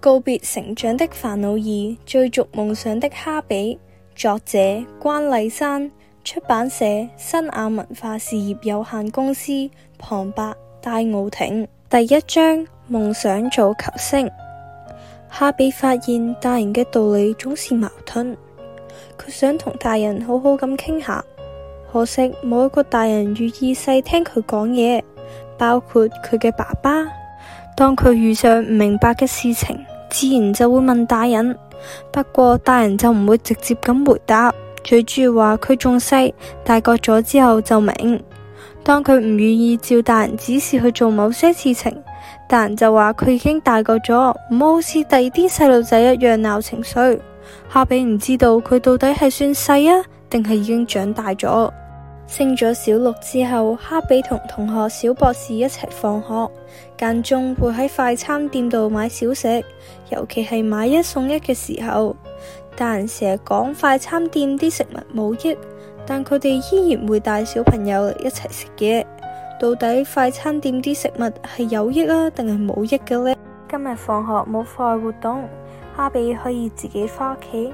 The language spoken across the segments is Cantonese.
告別成長的煩惱二，追逐夢想的哈比。作者關麗珊，出版社新亞文化事業有限公司。旁白：戴廒庭。第一章：夢想做球星。哈比發現大人嘅道理總是矛盾，佢想同大人好好咁傾下，可惜冇一個大人願意細聽佢講嘢，包括佢嘅爸爸。當佢遇上唔明白嘅事情，自然就會問大人，不過大人就唔會直接咁回答，最主要話佢仲細，大個咗之後就明。當佢唔願意照大人指示去做某些事情，大人就話佢已經大個咗，唔好似第二啲細路仔一樣鬧情緒，哈比唔知道佢到底係算細啊，定係已經長大咗。升咗小六之後，哈比同同學小博士一齊放學，間中會喺快餐店度買小食，尤其係買一送一嘅時候。大人成日講快餐店啲食物冇益，但佢哋依然會帶小朋友一齊食嘢。到底快餐店啲食物係有益啊，定係冇益嘅呢？今日放學冇課外活動，哈比可以自己翻屋企。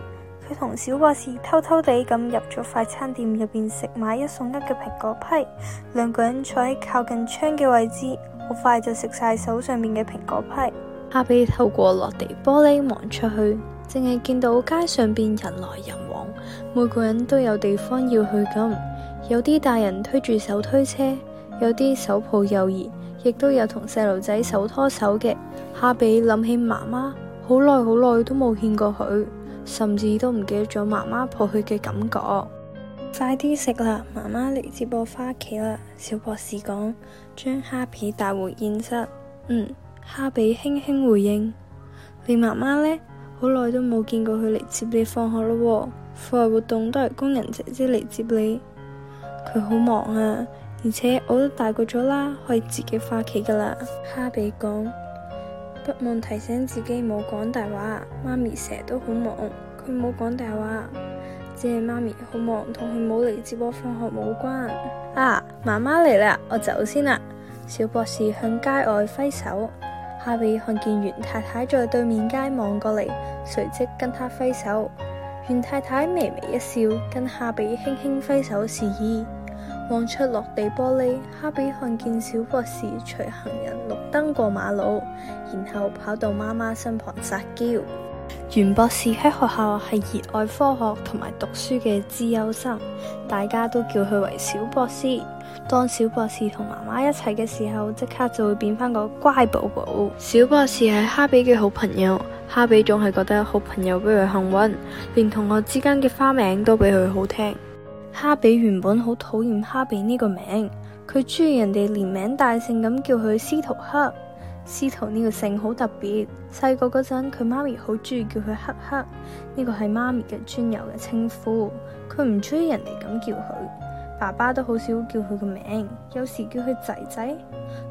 佢同小博士偷偷地咁入咗快餐店入邊食買一送一嘅蘋果批，兩個人坐喺靠近窗嘅位置，好快就食晒手上面嘅蘋果批。哈比透過落地玻璃望出去，淨係見到街上邊人來人往，每個人都有地方要去咁。有啲大人推住手推車，有啲手抱幼兒，亦都有同細路仔手拖手嘅。哈比諗起媽媽，好耐好耐都冇見過佢。甚至都唔記得咗媽媽抱佢嘅感覺。快啲食啦，媽媽嚟接我返屋企啦。小博士講，將哈比帶回現實。嗯，哈比輕輕回應。你媽媽呢？好耐都冇見過佢嚟接你放學咯。課外活動都係工人姐姐嚟接你，佢好忙啊。而且我都大個咗啦，可以自己返屋企噶啦。哈比講。不忘提醒自己冇講大話啊！媽咪成日都好忙，佢冇講大話，只係媽咪好忙，同佢冇嚟接我放學冇關啊！媽媽嚟啦，我走先啦。小博士向街外揮手，哈比看見袁太太在對面街望過嚟，隨即跟她揮手。袁太太微微一笑，跟哈比輕輕揮手示意。望出落地玻璃，哈比看見小博士隨行人綠燈過馬路，然後跑到媽媽身旁撒嬌。袁博士喺學校係熱愛科學同埋讀書嘅資優生，大家都叫佢為小博士。當小博士同媽媽一齊嘅時候，即刻就會變翻個乖寶寶。小博士係哈比嘅好朋友，哈比總係覺得好朋友比佢幸運，連同學之間嘅花名都比佢好聽。哈比原本好討厭哈比呢個名，佢中意人哋連名帶姓咁叫佢司徒克。司徒呢個姓好特別，細個嗰陣佢媽咪好中意叫佢黑黑，呢個係媽咪嘅專有嘅稱呼，佢唔中意人哋咁叫佢。爸爸都好少叫佢個名，有時叫佢仔仔。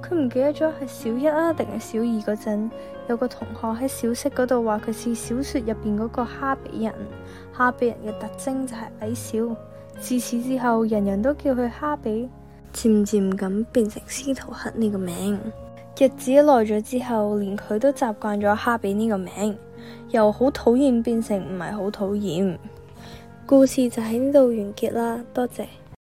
佢唔記得咗係小一啊，定係小二嗰陣有個同學喺小息嗰度話佢似小說入邊嗰個哈比人。哈比人嘅特徵就係矮小。自此之後，人人都叫佢哈比，漸漸咁變成司徒克呢個名。日子耐咗之後，連佢都習慣咗哈比呢個名，由好討厭變成唔係好討厭。故事就喺呢度完結啦，多謝。